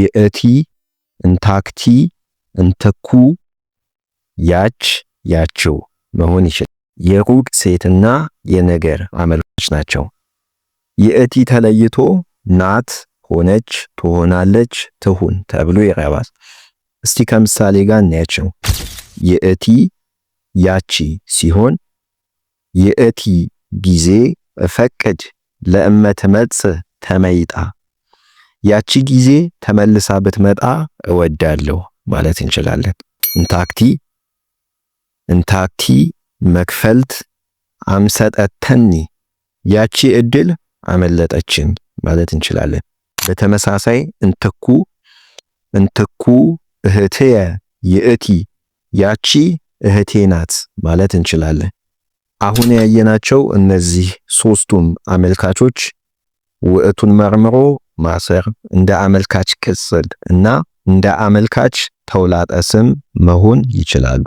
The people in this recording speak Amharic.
ይእቲ እንታክቲ እንተኩ ያች ያችው መሆን ይችላል። የሩቅ ሴትና የነገር አመልካች ናቸው። ይእቲ ተለይቶ ናት፣ ሆነች፣ ትሆናለች፣ ትሁን ተብሎ ይረባል። እስቲ ከምሳሌ ጋር እናያቸው። ይእቲ ያቺ ሲሆን ይእቲ ጊዜ እፈቅድ ለእመ ትመጽእ ተመይጣ ያቺ ጊዜ ተመልሳ ብትመጣ እወዳለሁ ማለት እንችላለን። እንታክቲ እንታክቲ መክፈልት አምሰጠተኒ ያቺ እድል አመለጠችን ማለት እንችላለን። በተመሳሳይ እንትኩ እንትኩ እህትየ ይእቲ ያቺ እህቴ ናት ማለት እንችላለን። አሁን ያየናቸው እነዚህ ሶስቱም አመልካቾች ውዕቱን መርምሮ ማሰር፣ እንደ አመልካች ቅጽል እና እንደ አመልካች ተውላጠ ስም መሆን ይችላሉ።